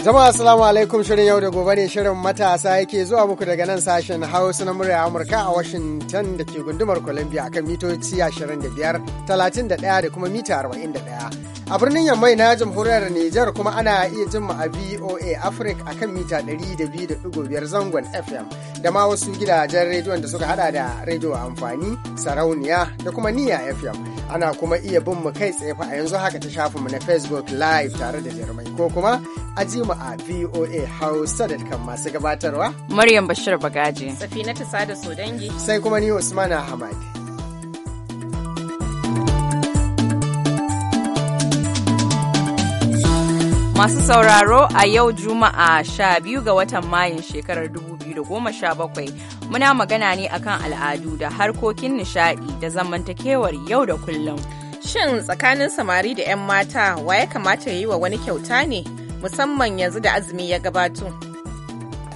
Jama'a assalamu alaikum shirin yau da gobe ne shirin matasa yake zuwa muku daga nan sashen Hausa na murya Amurka a Washington da ke gundumar Columbia akan mitoci 25, 31 da kuma mita 41. A birnin Yammai na jamhuriyar Nijar kuma ana iya jin mu a VOA Africa akan mita 102.5 zangon FM da ma wasu gidajen rediyon da suka hada da rediyo amfani, sarauniya da kuma niya FM. Ana kuma iya bin mu kai tsaye a yanzu haka ta shafinmu na Facebook Live tare da jarumai ko kuma ajima a voa hausa da kan masu gabatarwa maryam bashir bagaji safina ta sada sodangi sai kuma ni usmana hamadi Masu sauraro a yau Juma'a sha biyu ga watan Mayun shekarar da goma sha bakwai, muna magana ne akan al'adu da harkokin nishadi da zamantakewar yau da kullum. Shin tsakanin samari da 'yan mata wa ya kamata ya yi wa wani kyauta ne? musamman yanzu da azumi ya gabato.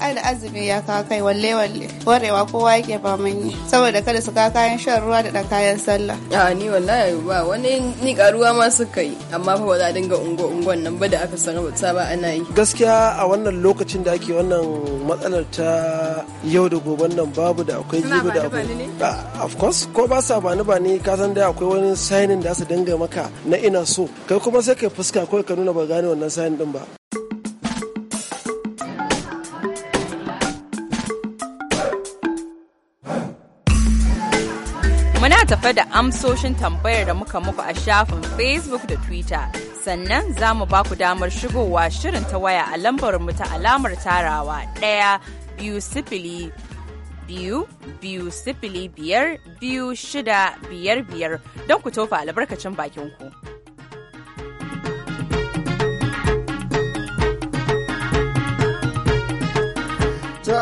an azumi ya kawo kai walle walle warewa kowa yake faman yi saboda kada su kawo kayan shan ruwa da ɗan kayan sallah a ni wallahi ba wani ni karuwa ma suka yi amma fa ba za a dinga ungo ungon nan ba da aka sarrafa ba ana yi gaskiya a wannan lokacin da ake wannan matsalar ta yau da goben nan babu da akwai jibi da akwai of course ko ba sa bani bani ka san da akwai wani sainin da su dinga maka na ina so kai kuma sai kai fuska ko ka nuna ba gane wannan sainin din ba Muna tafe da amsoshin tambayar da muka muku a shafin Facebook da Twitter. Sannan za mu ba ku damar shigowa shirin ta waya a lambar ta alamar tarawa ɗaya biyu sifili biyu biyu sifili biyar biyu shida biyar biyar don ku tofa albarkacin bakin ku.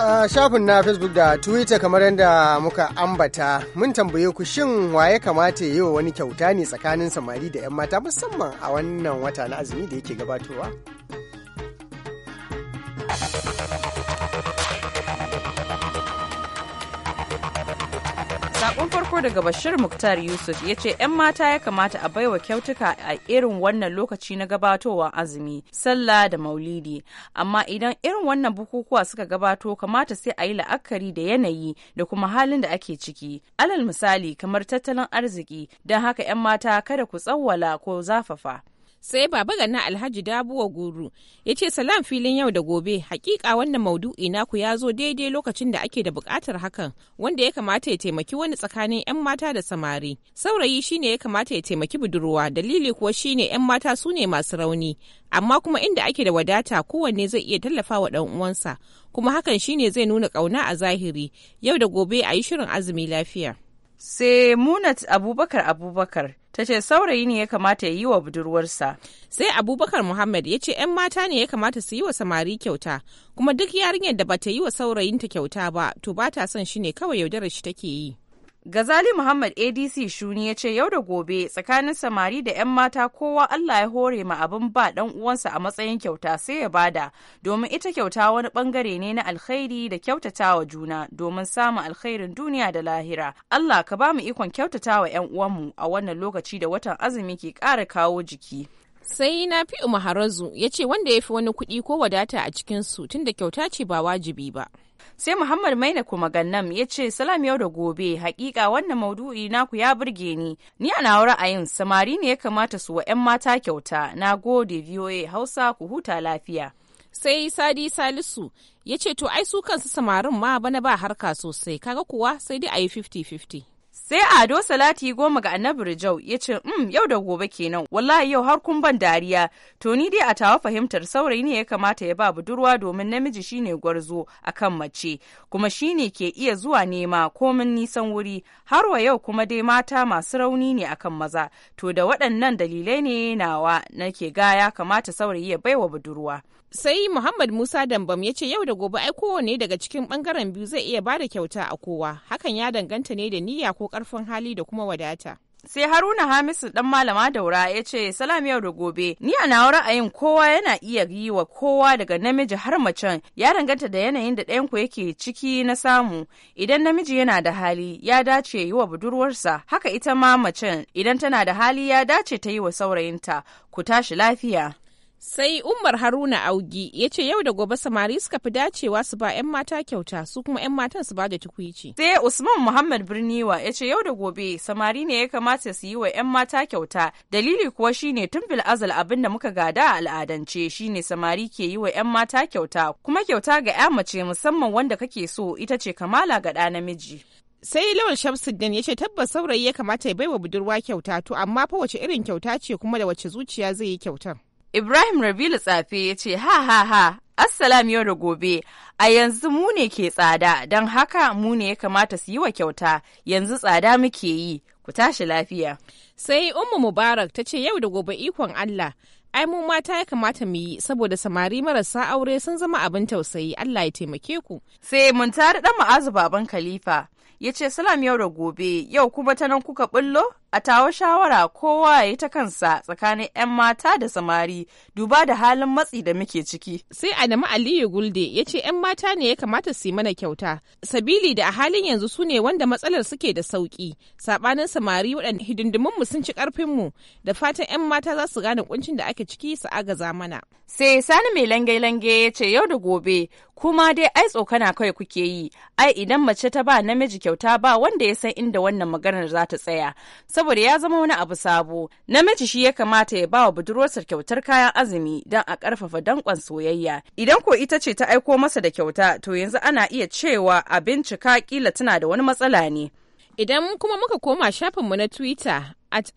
a shafin na facebook da twitter kamar yadda muka ambata mun tambaye ku shin wa ya kamata yi wa wani kyauta ne tsakanin samari da 'yan mata musamman a wannan wata na azumi da yake gabatowa Sakon farko daga Bashir Muktar Yusuf ya ce 'yan mata ya kamata a baiwa kyautuka a irin wannan lokaci na gabatowar azumi, sallah da maulidi. Amma idan irin wannan bukukuwa suka gabato kamata sai a yi la'akari da yanayi da kuma halin da ake ciki. Alal misali kamar tattalin arziki don haka 'yan mata kada ku tsawwala ko zafafa. sai baba gana alhaji dabuwa guru ya ce salam filin yau da gobe hakika wannan maudu'i naku ya zo daidai lokacin da ake da bukatar hakan wanda ya kamata ya taimaki wani tsakanin 'yan mata da samari saurayi shine ya kamata ya taimaki budurwa dalili kuwa shine 'yan mata su ne masu rauni amma kuma inda ake da wadata kowanne zai iya tallafa wa dan uwansa kuma hakan shine zai nuna kauna a zahiri yau da gobe a yi shirin azumi lafiya sai munat abubakar abubakar ta ce saurayi ne ya kamata ya yi wa budurwarsa sai abubakar muhammad ya ce 'yan mata ne ya kamata su yi wa samari kyauta kuma duk yarinyar da ba ta yi wa saurayinta kyauta ba to ba ta son shi ne kawai yaudarar shi take yi Gazali Muhammad ADC Shuni ya ce yau da gobe tsakanin samari da 'yan mata kowa Allah ya hore ma abin ba dan uwansa a matsayin kyauta sai ya bada domin ita kyauta wani bangare ne na alkhairi da kyautatawa juna domin samun alkhairin duniya da lahira. Allah ka ba mu ikon kyautatawa 'yan uwanmu a wannan lokaci da watan azumi ke kara kawo jiki. Sai na fi Umaharazu ya ce wanda ya fi wani kuɗi ko wadata a cikinsu tunda kyauta ce ba wajibi ba. Sai Muhammad Maina kuma Gannam ya ce salam yau da gobe hakika wannan maudu'i naku ya burge ni ni a nawa ra'ayin samari ne ya kamata su wa 'yan mata kyauta na gode VOA Hausa ku huta lafiya. Sai Sadi Salisu ya ce to ai su kansu samarin ma bana ba harka sosai kaga kuwa sai dai a yi 50-50. sai ado salati goma ga annabi rijau ya ce um yau da gobe kenan wallahi yau har kun ban dariya to ni dai a tawa fahimtar saurayi ne ya kamata ya ba budurwa domin namiji shine gwarzo a kan mace kuma shine ke iya zuwa nema komin nisan wuri har wa yau kuma dai mata masu rauni ne a kan maza to da waɗannan dalilai ne nawa nake ga ya kamata saurayi ya baiwa budurwa sai muhammad musa dambam ya ce yau da gobe ai kowane daga cikin bangaren biyu zai iya bada kyauta a kowa hakan ya danganta ne da niyya ko karfin hali da kuma wadata. sai haruna hamisu dan malama daura ya ce salam yau da gobe ni a nawa ra'ayin kowa yana iya yi wa kowa daga namiji har macen ya danganta da yanayin da ɗayanku yake ciki na samu idan namiji yana da hali ya dace yi wa budurwarsa haka ita ma macen idan tana da hali ya dace ta yi wa saurayinta ku tashi lafiya Sai Umar Haruna Augi ya ce yau da gobe samari suka fi dacewa su ba 'yan mata kyauta su kuma 'yan matan su ba da tukwici. Sai Usman Muhammad Birniwa ya ce yau da gobe samari ne ya kamata su yi wa 'yan mata kyauta dalili kuwa shine tun fil azal abin da muka gada a al'adance shine samari ke yi wa 'yan mata kyauta kuma kyauta ga 'ya mace musamman wanda kake so ita ce kamala ga ɗa namiji. sai lawal shamsuddin ya ce tabbas saurayi ya kamata ya baiwa budurwa kyauta to amma fa wace irin kyauta ce kuma da wace zuciya zai yi kyautar Ibrahim Rabilu Tsafe ya ce ha ha ha Assalam yau da gobe, a yanzu mu ne ke tsada don haka mu ne ya kamata su yi wa kyauta yanzu tsada muke yi, ku tashi lafiya. Sai Ummu Mubarak ta ce yau da gobe ikon Allah, ai mu mata ya kamata mu yi saboda samari marasa aure sun zama abin tausayi Allah ya taimake ku. Sai mun tare dan ma'azu baban Khalifa ya ce salam yau da gobe yau kuma ta nan kuka bullo a tawo shawara kowa ya yi ta kansa tsakanin 'yan mata da samari duba da halin matsi da muke ciki. Sai Adamu Aliyu Gulde ya ce 'yan mata ne ya kamata su yi mana kyauta, sabili da a halin yanzu su ne wanda matsalar suke da sauki, sabanin samari waɗanda hidindimin mu sun ci karfin mu da fatan 'yan mata za su gane kuncin da ake ciki su agaza mana. Sai Sani mai lange-lange ya ce yau da gobe kuma dai ai tsokana kawai kuke yi, ai idan mace ta ba namiji kyauta ba wanda ya san inda wannan maganar za ta tsaya. saboda ya zama wani abu sabo namiji shi ya kamata ya bawa budurwarsa kyautar kayan azumi don a ƙarfafa dankon soyayya idan ko ita ce ta aiko masa da kyauta to yanzu ana iya cewa abin cika kila tana da wani matsala ne idan kuma muka koma shafinmu na twitter at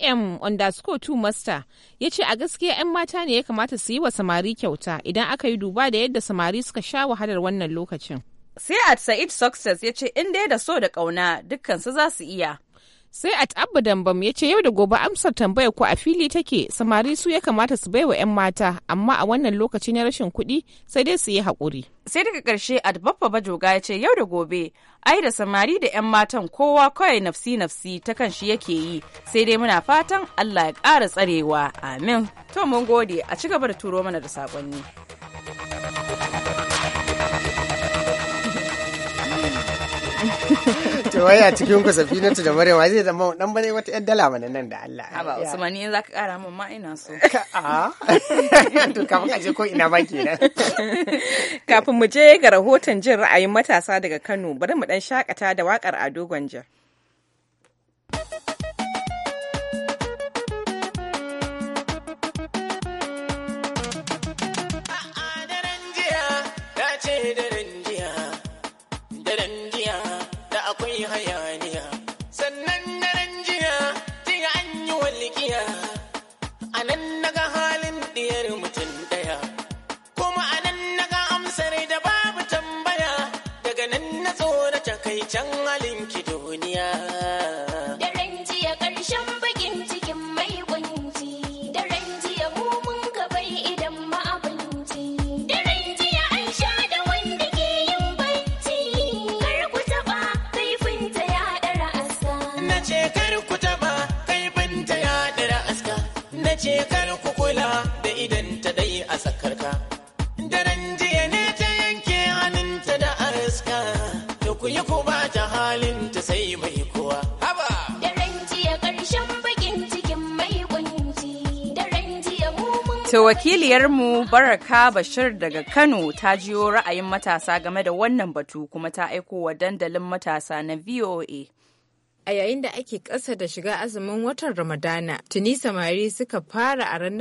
im underscore two master ya ce a gaskiya 'yan mata ne ya kamata su yi wa samari kyauta idan aka yi duba da yadda samari suka sha wahalar wannan lokacin sai at sa'id success ya ce in dai da so da kauna dukkan su za su iya sai at abba dambam ya ce yau da gobe amsar tambayar ko a fili take samari su ya kamata su baiwa 'yan mata amma a wannan lokaci na rashin kuɗi sai dai su yi haƙuri sai daga ƙarshe at babba bajoga ya ce yau da gobe ai da samari da 'yan matan kowa kawai nafsi nafsi ta kan shi yake yi sai dai muna fatan allah ya ƙara tsarewa amin to mun gode a ci gaba da turo mana da saƙonni. to waya cikin ku safinatu da maryam zai zama dan bane wata yar dala mana nan da Allah haba usmani in zaka kara mun ma ina so a to kafin je ko ina ba nan kafin mu je ga rahoton jin ra'ayin matasa daga Kano bari mu dan shakata da wakar Ado Gwanja mu Baraka Bashir daga Kano ta jiyo ra'ayin matasa game da wannan batu kuma ta aiko wa dandalin matasa na VOA. a yayin da ake ƙasa da shiga azumin watan ramadana tuni samari suka fara a ran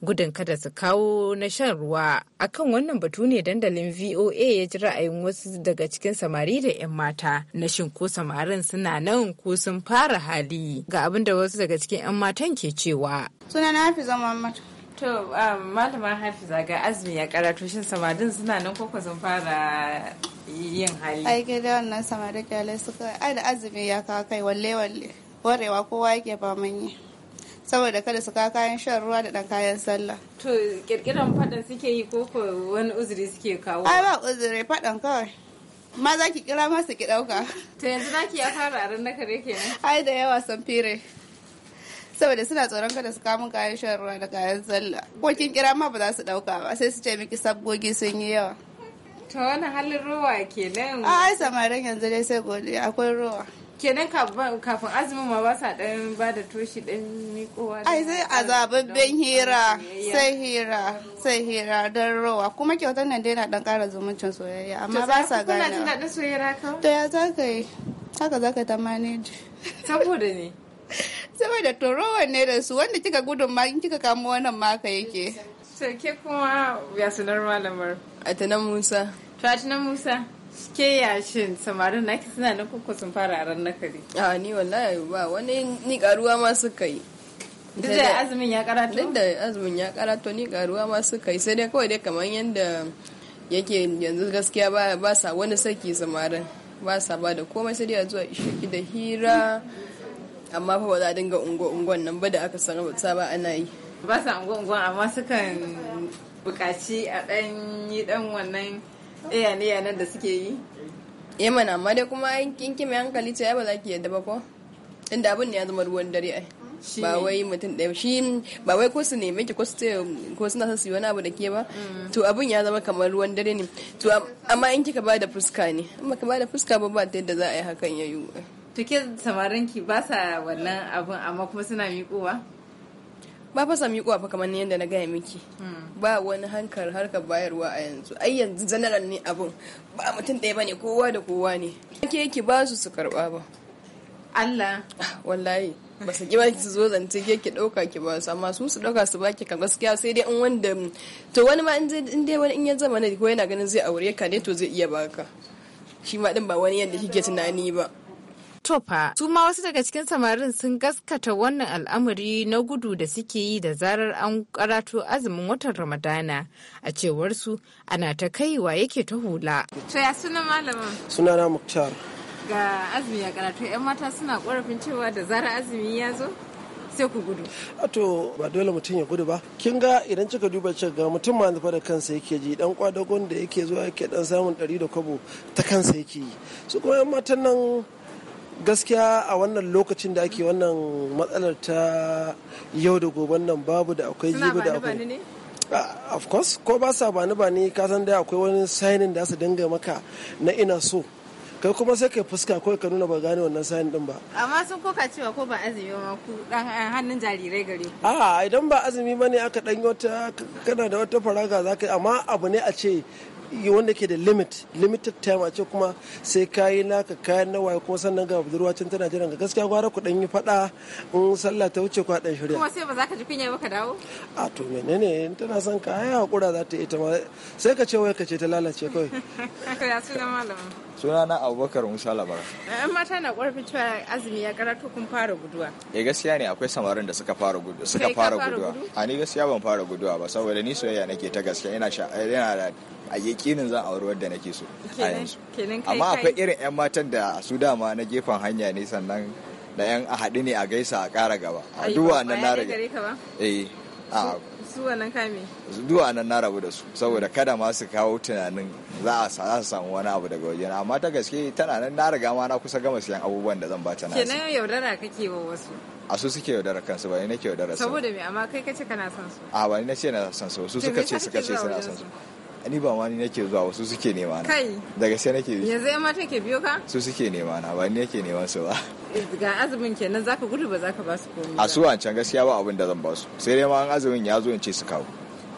gudun kada su kawo na shan ruwa akan wannan batu ne dandalin voa ya ji ra'ayin wasu daga cikin samari da 'yan mata na shin ko samarin suna nan ko sun fara hali ga abin da wasu daga cikin 'yan matan ke cewa Suna na fi zama mata To um, malama Hafiza ga azumi ya karatu shin samadin suna nan koko sun fara yin hali. Ai gida wannan samadin kyalai suka ai da azumi ya kawo kai walle walle warewa kowa yake ba manyi saboda kada su kawo kayan shan ruwa da ɗan kayan sallah. To kirkiran faɗan suke yi koko wani uzuri suke kawo. Ai ba uzuri faɗan kawai. Ma za ki kira masu ki ɗauka. To yanzu naki ya fara a ran na kare kenan. Ai da yawa san fire. saboda suna tsoron kada su kamun kayan shan ruwa da kayan sallah ko kin kira ma ba za su dauka ba sai su ce miki sabgogi sun yi yawa ta wani halin ruwa kenan a ai samarin yanzu dai sai godiya akwai ruwa kenan kafin azumin ma ba sa dan ba da toshi dan mikowa ai sai azababben hira sai hira sai hira don ruwa kuma kyautar nan dai na dan kara zumuncin soyayya amma ba sa gane to ya za ka yi haka za ka ta manage saboda ne saboda torowar ne da su wanda kika gudun ma kika kamo wannan maka yake to ke kuma ya sunar malamar atina musa to atina musa ke yashin samarin naki suna nan kuku sun fara a ran nakari a ni wallahi ba wani ni karuwa ma suka yi duk da azumin ya karato duk da azumin ya karato ni karuwa ma suka yi sai dai kawai dai kamar yadda yake yanzu gaskiya ba sa wani saki samarin ba sa ba da komai sai dai a zuwa shi da hira amma fa ba za a dinga ungo-ungon nan ba da aka sarrafa ba ana yi ba sa ungo-ungon amma sukan buƙaci a ɗan yi ɗan wannan iyane yanar da suke yi eh mana amma dai kuma kin kime hankali ce ba za ki yadda ba ko inda abin ne ya zama ruwan dare ai ba wai mutum ɗaya shi ba wai ko su neme ki ko ko suna son su yi wani abu da ke ba mm. to abin ya zama kamar ruwan dare ne to amma in kika ba da fuska ne amma ka ba da fuska ba ba ta yadda za a yi hakan ya yi. tuke samarin ki ba sa wannan abun amma kuma suna miƙowa ba fasa miƙowa fa kamar yadda na gaya miki hmm. ba wani hankar harkar bayarwa a yanzu ai yanzu general ne abin ba mutum ɗaya bane kowa da kowa ne ke ki ba su su karɓa ba Allah ah, wallahi ba su kiba ki zo zance ke ki ɗauka ki ba su amma su su ɗauka su baki kan gaskiya sai dai in wanda to wani ma in dai wani in ya zama ne ko yana ganin zai aure ka ne to zai iya baka shi ma ɗin ba wani yadda kike tunani ba Tofa, su ma wasu daga cikin samarin sun gaskata wannan al'amari na gudu da suke yi da zarar an karatu azumin watan Ramadana. A cewar su ana ta kaiwa yake ta hula. To ya suna malamin? na Muktar. Ga azumi ya karatu 'yan mata suna korafin cewa da zarar azumi ya zo? sai ku gudu. Ato ba dole mutum ya gudu ba. Kin ga idan kika duba kika ga mutum ma nufa da kansa yake ji dan kwadagon da yake zuwa yake dan samun ɗari da kwabo ta kansa yake yi. Su kuma yan matan nan gaskiya a wannan lokacin da ake wannan matsalar ta yau da goben nan babu da akwai jibi da akwai of course ko ba sa bani bani ka san da akwai wani signing da su dinga maka na ina so kai kuma sai kai fuska kawai ka nuna ba gane wannan sayan din ba amma sun koka cewa ko ba azumi ma ku dan eh, hannun jarirai gare ku a'a idan ba azumi bane aka dan wata kana da wata faraga zaka amma abu ne a ce wanda ke da limit limited time a ce kuma sai kayi naka kayan nawa kuma sannan ga budurwa can tana jiran ga gaskiya gwara ku dan yi fada in sallah ta wuce ku dan shirya kuma sai ba za ka ji kunya ba ka dawo a to menene in tana son ka ai hakura za ta ta ma sai ka ce wai ka ce ta lalace kai ya suna malama suna na abubakar musa labara yan eh, mata na ƙwarfi cewa azumi ya karatu kun fara guduwa eh gaskiya ne akwai samarin da suka fara gudu suka fara guduwa a ni gaskiya ban fara guduwa ba saboda ni soyayya nake ta gaskiya ina sha ina da a yakinin zan auri wadda nake so a yanzu amma akwai irin 'yan matan da su dama na gefen hanya ne sannan da 'yan a haɗu ne a gaisa a ƙara gaba a duwa nan na rage eh a zuwa nan kame zuwa nan na rabu da su saboda kada ma su kawo tunanin za a sa samu wani abu daga wajen amma ta gaske tana nan na riga ma na kusa gama siyan abubuwan da zan bata na kenan yaudara kake wa wasu a su suke yaudara kansu ba ni nake yaudara su saboda me amma kai kace kana son su a ba ni nace na son su su suka ce suka ce suna son su ni ba ma ni nake zuwa wasu suke nema na kai daga sai nake bi yanzu yamma take biyo ka su suke nema na ba ni nake neman su ba eh, ga azumin kenan zaka gudu ba zaka ba su komai a su wancan gaskiya ba abin da zan ba su sai dai ma an azumin ya zo in ce su kawo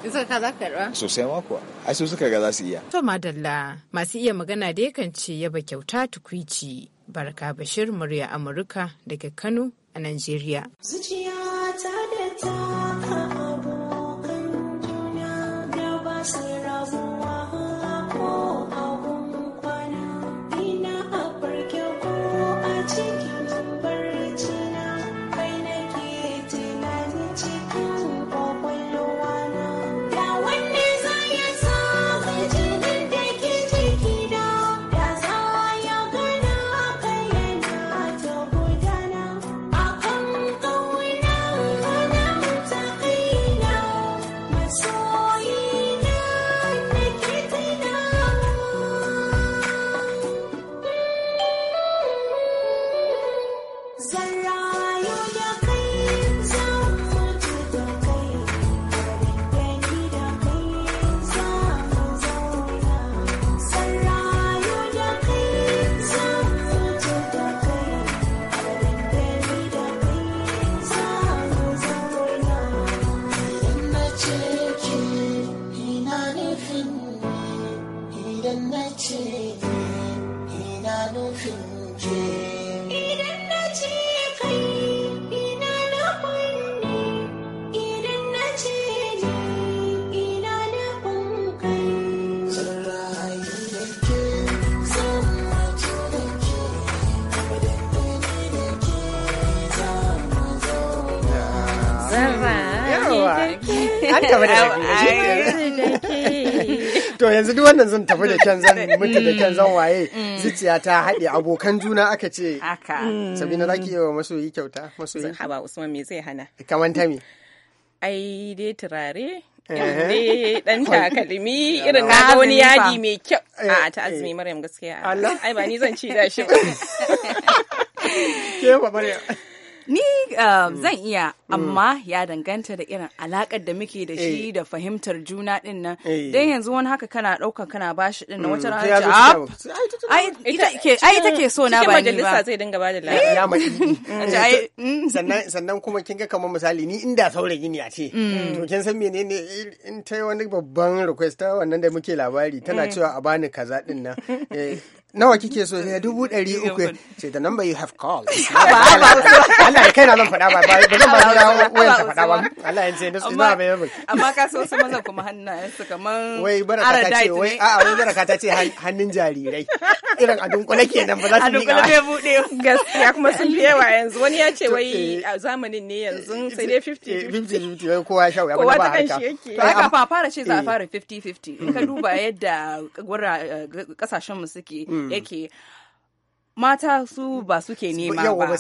Isa ka za ka karba sosai ma kuwa ai su suka ga za su iya to madalla masu iya magana da yakan ce yaba kyauta tukwici barka bashir murya amurka daga kano a najeriya zuciya ta da ta Zara. yanzu duk wannan zan tafi da kyan zan mutu da kyan zan waye mm. Mm. zuciya ta haɗe abokan juna aka ce haka mm. sabina zaki yi wa masoyi kyauta masoyi haba usman me zai hana kamar ta me ai dai turare dan takalmi irin na wani yadi mai kyau eh, a ta azumi eh. maryam gaskiya ai ba ni zan ci da shi ke ba maryam Ni um, mm. zan iya, mm. amma ya danganta da irin alakar da muke da shi eh. da fahimtar juna din nan. Eh. Dan yanzu wani haka kana ɗauka kana bashi din mm, na wata rana ce ai ita ke so na ba ni ba. Majalisa zai dinga bada eh, labari. Sannan sannan kuma kin ga kamar misali ni inda saura gini a ce. To kin san menene in ta yi wani babban request ta wannan da muke labari tana cewa a bani kaza din nan. nawa kike so ne eh, dubu ɗari uku ce the number you have called Allah kai na zan faɗa ba ba zan ba faɗa ba Allah amma ka so su maza kuma hannayen su kaman wai baraka ta ce wai a'a wai baraka ta ce hannun jarirai irin a dunkule kenan ba za su miƙa a dunkule bai buɗe gaskiya kuma sun fi yawa yanzu wani ya ce wai eh. a zamanin ne yanzu eh, sai dai 50 50 50 wai kowa sha wuya kowa ta kan shi yake haka fa fara ce za a fara 50 50 in ka duba yadda kasashen mu suke mm. Mm. icky mata su ba suke nema ba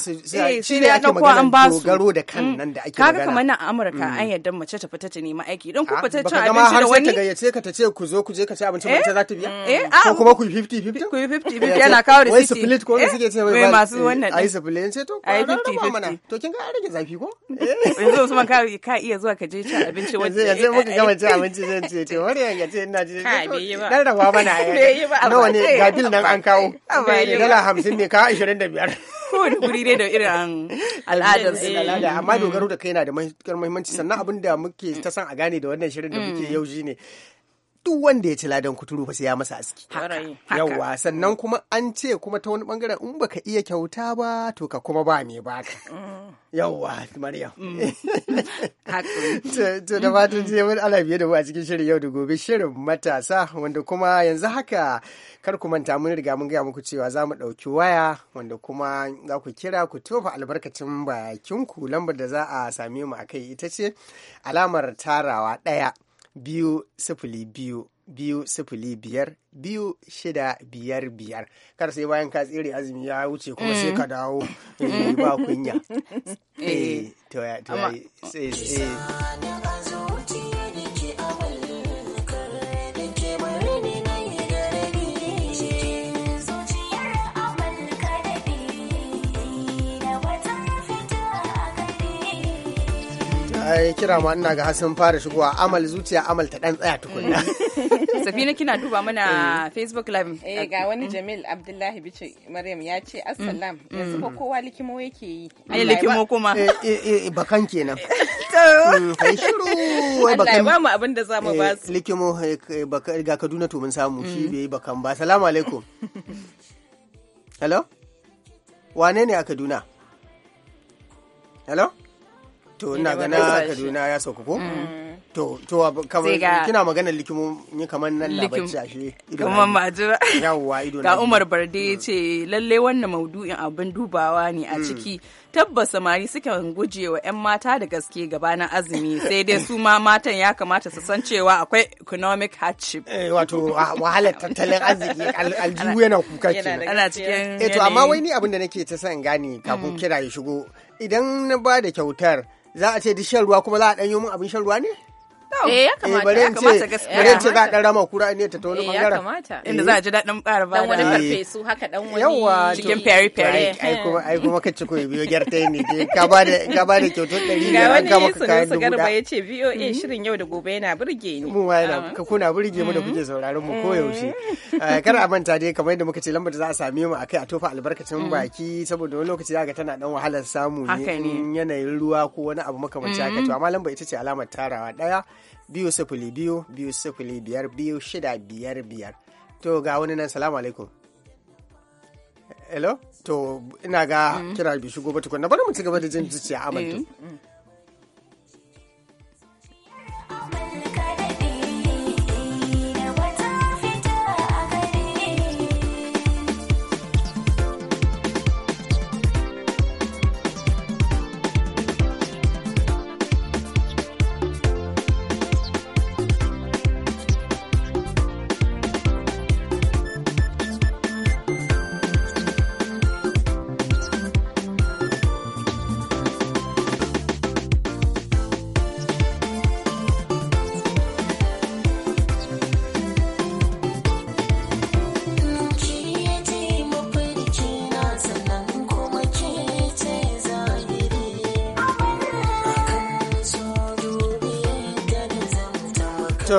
eh, shi ne ake maganar dogaro da kan mm. nan da ake magana kaga kamar na Amurka an mm. yarda mace ta fita ta nema aiki don ku ah, fita ta abinci da wani ta ka ta ce ku zo ku je ka ci abinci ta eh? za ta biya eh, ko ah, kuma ku 50 50 ku 50 50 yana kawo risiti. wai split ko suke ce wai masu wannan ai split ce to ai 50 50 to kin ga rage zafi ko yanzu Usman ka ka iya zuwa ka je abinci wanda yanzu muka gama abinci zan ce wani ya ce ina ji dan rawa mana ai nawa ne ga bil nan an kawo dala hamsin ne ka ashirin da biyar kowane guri ne da irin al'adar su al'ada amma dogaro da kai yana da matukar muhimmanci sannan abin da muke ta san a gane da wannan shirin da muke mm. yau shine duk wanda ya ci ladan kuturu fa sai ya masa aski yawa sannan kuma an ce kuma ta wani bangaren in baka iya kyauta ba to ka kuma ba me baka mm. yawa maryam mm. to da fatan sai mun ala biye da mu a cikin shirin yau da gobe shirin matasa wanda kuma yanzu haka kar ku manta mun riga mun gaya muku cewa za mu ɗauki waya wanda kuma za ku kira ku tofa albarkacin bakinku lambar da za a same mu akai ita ce alamar tarawa ɗaya biyu sifili biyu biyu sifili biyar biyu shida biyar biyar kar sai bayan ka tsere azumi ya wuce kuma sai ka mm. dawo mm. Eh, ba kunya. Eh. eh, to ya, to ya, ai kira ma ina ga hasan fara shigowa amal zuciya amal ta dan tsaya tukunna safina kina duba mana eh. facebook live eh ga wani jamil abdullahi bice maryam ya ce assalam mm. yanzu ko mm. kowa likimo yake yi ai likimo kuma eh, eh, eh bakan kenan mm, kai shiru wai bakan ba mu abin da zamu ba su likimo ga kaduna to mun samu shi bai bakan ba assalamu alaikum hello wane ne a kaduna hello to ina gana kaduna ya sauka ko mm. To, to kamar kina magana likimu ni kamar nan na bacci ashe. Kamar majira. Yawwa ido na. Ga Umar Barde ya mm. ce lalle wannan maudu'in abin dubawa ne a mm. ciki. Tabbas samari sukan guje wa 'yan mata da gaske gabanin azumi sai dai su ma matan ya kamata su san cewa akwai economic hardship. Eh, wato wahalar tattalin arziki aljihu yana kuka ke. Ana cikin. Eh to amma wai ni abin da nake ta san gane kafin mm. kira ya shigo idan na ba da kyautar za a ce duk shan ruwa kuma za a ɗanyo min abin shan ruwa ne? kyau. Eh ya kamata eh, ya kamata gaskiya. Bare ce za dan rama kura ne ta ta wani bangaren. Ya kamata. Eh. Inda za a ji daɗin ƙara ba. Dan wani eh. farfesu haka dan wani. Yawa cikin peri peri. Ai kuma ai kuma kace ko biyo gyarta ne ka ba da ka ba da kyautar ɗari ne an ka maka kayan dubu. Garba ya ce VOA mhm. shirin yau da gobe yana burge ni. Mu ma yana ka kuna burge mu da mm. kuke sauraron mu koyaushe. Mm. Kar a manta dai kamar yadda muka ce lambar da za a same mu akai a tofa albarkacin mm. baki saboda wani lokaci za tana dan wahalar samu ne yanayin ruwa ko wani abu makamancin haka to amma lamba ita ce alamar tarawa daya biyu sifili biyu biyu sifili biyar biyu shida biyar biyar to ga wani nan salamu alaikum hello to ina ga mm. kira bi gobe tukun na bari mu ci gaba da jin zuciya amintu eh. mm.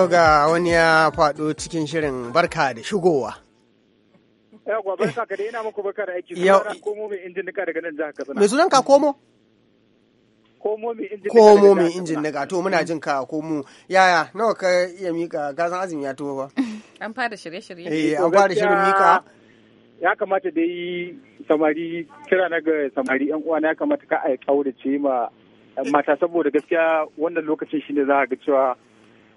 yau ga wani ya faɗo cikin shirin barka da shigowa. Yawwa barka ka da yana muku barka da aiki. Yau. Komo mai injin nika daga nan jihar Katsina. Mai sunan ka komo? Komo mai injin nika. Komo mai injin nika to muna mm. jin ka komo. Yaya nawa ka iya mika gazan azumi ya tuwo ba. An fara shirye-shirye. Eh, eh an fara shirin mika. Ya kamata da yi samari kira na ga samari yan uwa na ya kamata ka a kaurace ma mata saboda gaskiya wannan lokacin shine za a ga cewa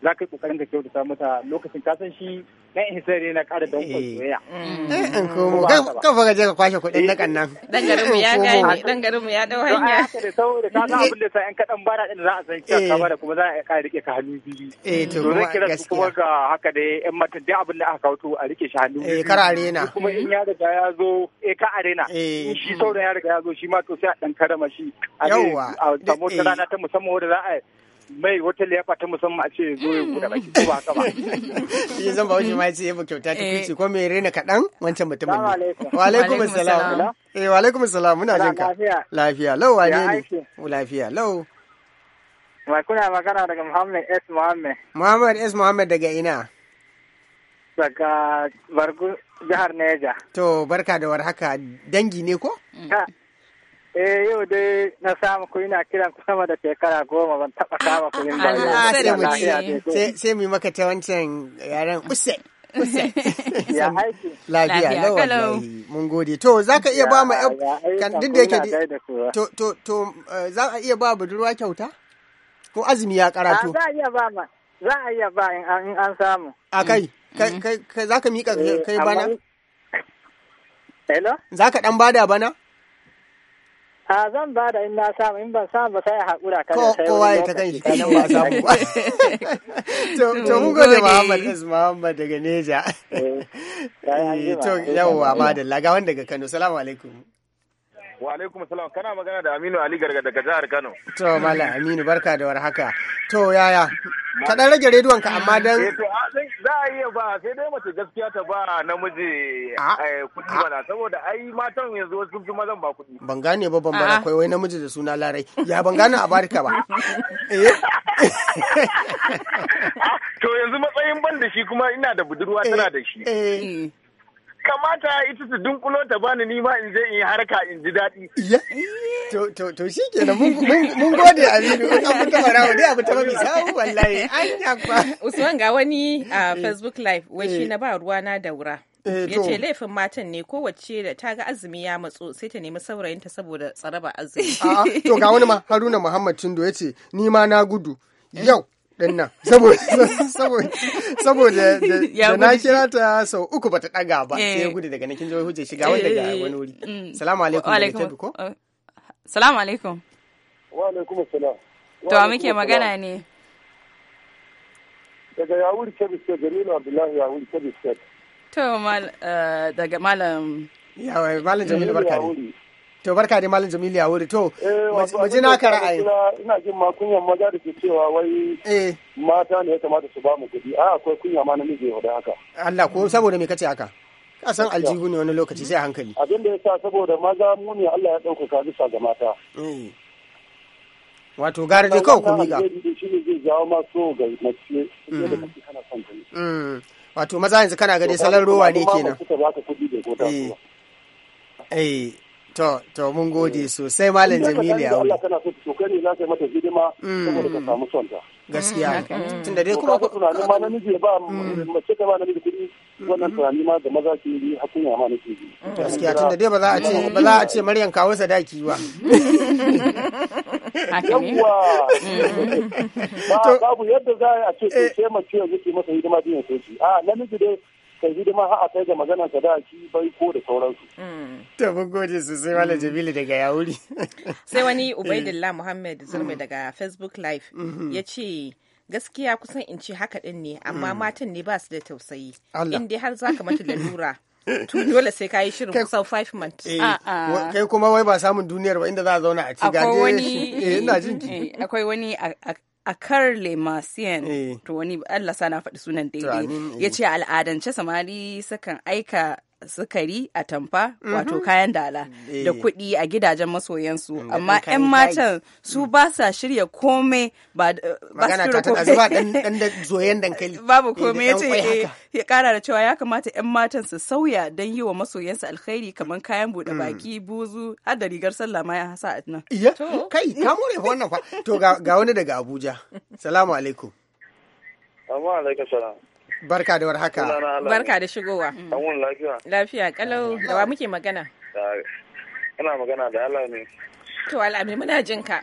za ka yi kokarin ka kyautata mata lokacin ka san shi na hisari na kara don eh. soyayya. Mm. Eh, in komo kan fa gaje ka kwashe kuɗin eh. na kannan. Dan garin mu ya gane dan garin mu ya dau hanya. Saboda ka san abin da sa yan kaɗan bara din za a san cewa ka bara kuma za a ka rike ka hannu bibi Eh to kuma gaskiya. su kuma ga haka da yan mata duk abin da aka kawo a rike shi hannu Eh kar arena. Kuma in ya riga ya zo eh ka arena. Eh shi sauran ya riga ya zo shi ma to sai a dan karama shi. Yawwa. A samu rana ta musamman wanda za a mai wata liyafa ta musamman a ce zo ya buɗe baki ko ba zan ba shi zan ba ma ce yabo kyauta ta kici eh. ko mai rena kaɗan wancan mutumin ne wa alaikum salam. eh wa alaikum salam muna jin ka lafiya lau wa ne ne. lafiya lau Mai kuna magana daga Muhammad S. Muhammad. Muhammad S. Muhammad daga ina? Daga Bargu jihar Neja. To, barka da warhaka dangi ne ko? Eh yau dai na samu ku ina kiran ku sama da shekara goma ban taba kama yin ba. Allah ah, sai mu ce sai mu maka ta wancan yaren usai. ya aiki lafiya lawa mun gode to za ka iya ba mu kan duk da yake to to to eh, za a iya ba budurwa kyauta ko azumi ya karato ah, za a iya ba ma za a iya ba in an samu a kai mm. kai ka zaka eh, kai bana hello ka ɗan bada bana A zan ba da in na samu in ban samu ba sai haƙura ka sai kowa ya ta kan shi kanan ba samu ba. To mun gode Muhammad is Muhammad daga Neja. Eh, to ba eh, madalla ga wanda daga Kano. Salamu alaikum. Wa alaikum salam kana magana da Aminu Ali Garga daga jihar Kano. To Malam Aminu barka da warhaka. To yaya? Ka dan rage rediyon ka amma dan Eh to za a iya ba sai dai mace gaskiya ta ba namiji eh, kuɗi bana saboda ai matan yanzu sun fi mazan ba kuɗi. Ban gane ba ban bar akwai wai namiji da suna Larai. Ya ban gane a barka ba. Eh. To yanzu matsayin ban da shi kuma ina da budurwa tana da shi. Eh. eh. kamata ita su dunkulo ta bani ni ma in je yi harka in ji daɗi. To shi ke mun gode Aminu in abu ta fara wani abu ta mafi sawu wallahi Usman ga wani a eh. Facebook live wai shi eh. na ba ruwa na daura. Eh, ya ce laifin matan ne kowace da ta ga azumi ya matso sai ta nemi saurayinta saboda tsaraba azumi. Ah, to ga wani ma Haruna Muhammad Tindo ya ce ni ma na gudu yau dinnan saboda da na kira ta sau uku bata daga ba eh. sai ya gudu daga nakin jihohi hujjar shiga wanda ga eh. wani wuri mm. salamu alaikum da ta duko salamu alaikum wa alaikum salam to muke magana ne daga yawuri kebis ke jamilu abdullahi yawuri kebis ke to eh, daga malam yawai malam jamilu barka ne To barka da Malam Jamilu ya wuri to eh, mu na ka ra'ayi. Ina jin ma kunyan maza da ke cewa wai eh. mata ne ya kamata su ba mu kuɗi. A ah, akwai kunya ma na namiji da haka. Allah ko saboda me kace haka? Ka san aljihu ne wani lokaci sai hankali. Abin da ya sa saboda maza mu ne Allah ya ɗaukaka bisa ga mata. Eh. Wato gara dai kawai ku miƙa. ga mm. mm. Wato maza yanzu kana gani salon rowa ne kenan. Eh. To, to mun gode eh. sosai Malam Jamilu ya wuri. kana so to kai ne za ka yi mata hidima mm. saboda ka samu sonta. Gaskiya. Mm, mm. Tunda dai kuma ku tunanin ma na namiji ba mace ta ba na namiji kudi wannan tunani ma da maza ke yi hakun ya ma nake yi. Gaskiya tunda dai ba za a ce ba za a ce Maryam kawo sadaki ba. Yawwa. Ba babu yadda za a ce ko ce eh. mace yanzu ke masa hidima biyan soci. A na namiji dai kai hidima har a kai ga maganar sadaki bai ko da sauransu. Mm. Ta mun gode sosai wala mm. Jamilu daga Yauri. Sai wani eh. Ubaidillah Muhammad Zulmi mm. daga Facebook Live mm-hmm. ya ce gaskiya kusan in ce haka din ne amma matan ne ba su da tausayi. In dai har ka mata lalura. dole sai ka yi shirin kusan 5 months. Eh, ah, ah. Kai kuma wai ba samun duniyar ba inda za a zauna a ci gaje. Eh, akwai wani akwai wani akar lemasian eh. to wani Allah sana faɗi sunan daidai eh. ya ce al'adance samari sukan aika sukari a tamfa wato mhm. kayan dala eh. da kuɗi a gidajen masoyansu amma 'yan matan su mm. ba sa shirya komai ba magana ta tana zuwa dan da dankali babu eh, komai ya ce eh, ya kara da cewa ya kamata 'yan matan su sauya don yi wa masoyansu alkhairi kamar kayan buɗe mm. baki buzu har da rigar sallah ma ya hasa a nan kai ka more wannan fa to ga wani daga Abuja salamu alaikum Amma alaikum Barka da war haka. Barka da shigowa. Amun lafiya. Lafiya kalau da wa muke magana? Ina magana da Allah ne. To Al'ami muna jin ka.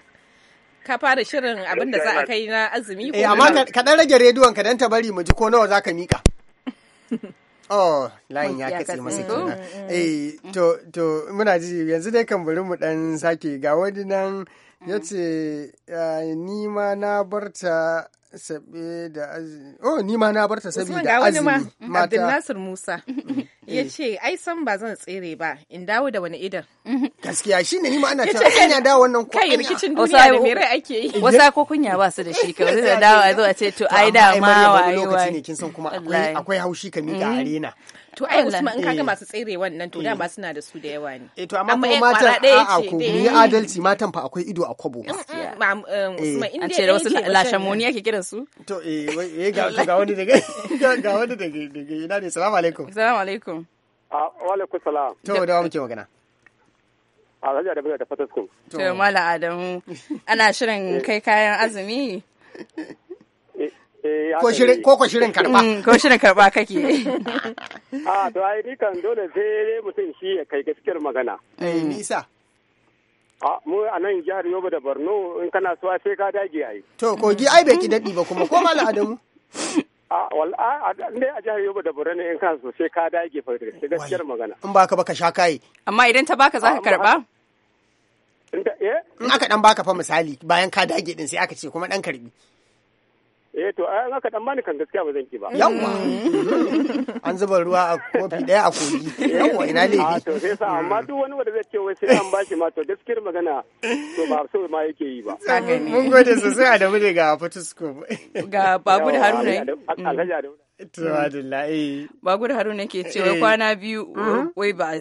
Ka fara shirin abin da za a kai na azumi ko? Eh amma ka dan rage rediyon ka dan ta bari mu ji ko nawa zaka mika. Oh, layin ya kace masa kenan. Mm, mm, mm. Eh to to muna ji yanzu dai kan bari mu dan sake ga wani nan ya ce ni ma na barta sabe da azumi oh ni ma na barta da azumi mata Abdul Nasir Musa ya ce ai san ba zan tsere ba in dawo da wani idan gaskiya shine ni ma ana ta kanya da wannan ko kai rikicin duniya da mere ake yi wasa ko kunya ba su da shi kawai da dawo a zo a ce to ai da ma lokaci ne kin san kuma akwai haushi ka miƙa arena mm-hmm. to ai Usman in kaga eh. masu tsere wannan to dama eh. suna da su da yawa ne eh to amma kuma matan a'a ko ni adalci matan fa akwai ido a kwabo kuma in dai wasu lashamoni yake kiran su to eh, eh ga ga wani daga ga wani daga ina ne assalamu alaikum assalamu alaikum ah, wa alaikum salam to da muke magana ah, Alhaji Adamu da fatasku To Mala Adamu, ana shirin kai kayan azumi? Eh, ko shirin ko ko shirin karba mm, ko shirin karba kake a ah, to ai ni kan dole sai mutum shi ya kai gaskiyar magana eh nisa mm. a mu a nan jihar Yobe da Borno in kana so sai ka dage ai to kogi ai bai ki dadi ba kuma ko malam Adamu a wala ne a jihar Yobe da Borno in kana so sai ka dage fa gaskiyar magana in baka baka sha kai amma idan ta baka zaka karba eh? in aka dan baka fa misali bayan ka dage din sai aka ce kuma dan karbi Eh to ai haka dan bani kan gaskiya ba zan ki ba. yawa An zuba ruwa a kofi daya a kogi. yawa ina ne. Ah to sai sa amma duk wani wanda zai ce wai sai an bashi ma to gaskiyar magana to ba so ma yake yi ba. Mun gode sosai a da mu ga fotoscope Ga Babu da Haruna. Alhaji da Eh. ba gudu haruna ke cewa eh. kwana biyu mm-hmm. wai ba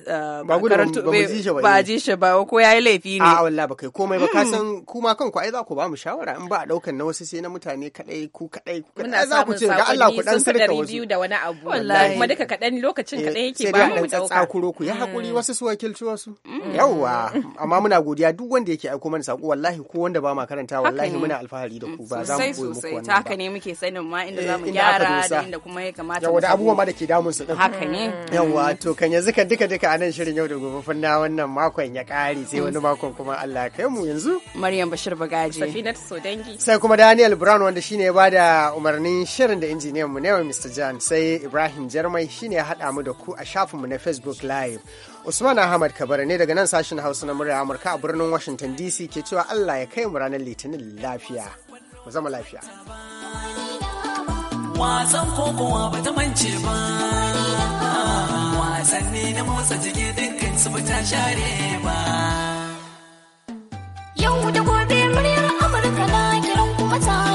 karanto uh, ba ji shi ba ko yi laifi ne a wallahi ba kai komai ba kasan hmm. kuma kanku ai za ku ba mu shawara in ba a daukan na wasu sai na mutane kadai ku kadai ku kadai za ku ce ga Allah ku dan wasu da wani abu wallahi kuma duka kadan lokacin eh, kadai yake ba mu dauka sai ku ku ya hakuri hmm. wasu su wakilci wasu hmm. yawa amma muna godiya duk wanda yake aiko mana saƙo wallahi ko wanda ba ma karanta wallahi muna alfahari da ku ba za mu koyi muku wannan ba sosai haka ne muke sanin ma inda za mu gyara da inda kuma ya kamata yawa da abubuwa ma da ke damun su din haka ne yawa to kan yanzu kan duka duka anan shirin yau da gobe na wannan makon ya kare sai wani makon kuma Allah kai mu yanzu Maryam Bashir Bagaji Safinat Sodangi sai kuma Daniel Brown wanda shine ya bada umarnin shirin da injiniyan mu ne Mr Jan sai Ibrahim Jarmai shine ya hada mu da ku a shafin mu na Facebook Live Usman Ahmad Kabara ne daga nan sashen Hausa na murya Amurka a birnin Washington DC ke cewa Allah ya kai mu ranar Litinin lafiya. Mu zama lafiya. wasan kokowa ba ta mance ba wasanni na motsa jiki dukkan su ta share ba yau da gobe muryar amurka na kiran kuma ta